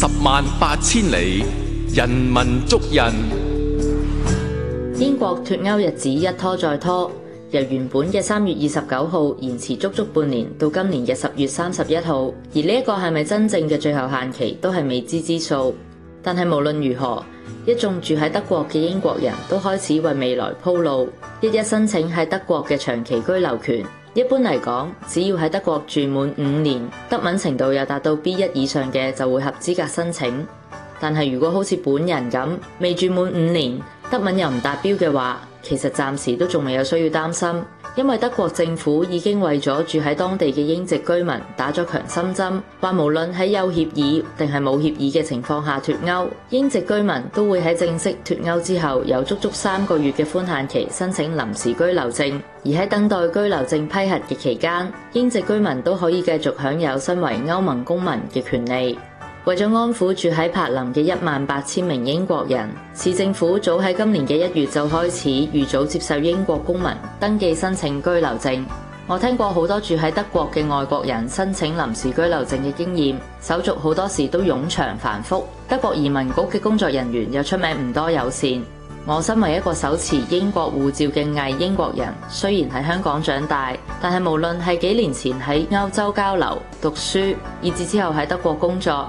十萬八千里，人文足印。英國脫歐日子一拖再拖，由原本嘅三月二十九號延遲足足半年，到今年嘅十月三十一號。而呢一個係咪真正嘅最後限期，都係未知之數。但係無論如何，一眾住喺德國嘅英國人都開始為未來鋪路，一一申請喺德國嘅長期居留權。一般嚟講，只要喺德國住滿五年，德文程度又達到 B1 以上嘅就會合資格申請。但係如果好似本人咁，未住滿五年，德文又唔達標嘅話，其實暫時都仲未有需要擔心。因為德國政府已經為咗住喺當地嘅英籍居民打咗強心針，話無論喺有協議定係冇協議嘅情況下脱歐，英籍居民都會喺正式脱歐之後有足足三個月嘅寬限期申請臨時居留證，而喺等待居留證批核嘅期間，英籍居民都可以繼續享有身為歐盟公民嘅權利。為咗安撫住喺柏林嘅一萬八千名英國人，市政府早喺今年嘅一月就開始預早接受英國公民登記申請居留證。我聽過好多住喺德國嘅外國人申請臨時居留證嘅經驗，手續好多時都冗長繁複，德國移民局嘅工作人員又出名唔多友善。我身為一個手持英國護照嘅偽英國人，雖然喺香港長大，但係無論係幾年前喺歐洲交流、讀書，以至之後喺德國工作，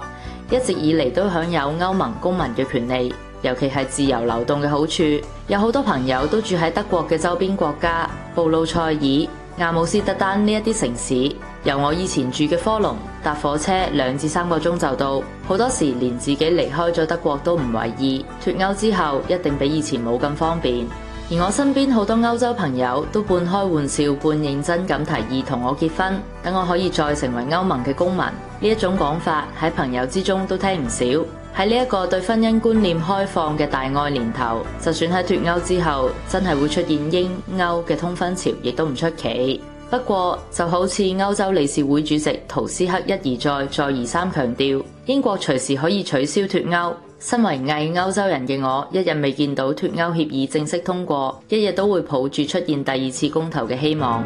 一直以嚟都享有歐盟公民嘅權利，尤其係自由流動嘅好處。有好多朋友都住喺德國嘅周邊國家，布魯塞爾、阿姆斯特丹呢一啲城市，由我以前住嘅科隆搭火車兩至三個鐘就到。好多時連自己離開咗德國都唔為意。脱歐之後一定比以前冇咁方便。而我身邊好多歐洲朋友都半開玩笑半認真咁提議同我結婚，等我可以再成為歐盟嘅公民。呢一種講法喺朋友之中都聽唔少。喺呢一個對婚姻觀念開放嘅大愛年頭，就算喺脱歐之後，真係會出現英歐嘅通婚潮，亦都唔出奇。不過就好似歐洲理事會主席圖斯克一而再、再而三強調，英國隨時可以取消脱歐。身為偽歐洲人嘅我，一日未見到脱歐協議正式通過，一日都會抱住出現第二次公投嘅希望。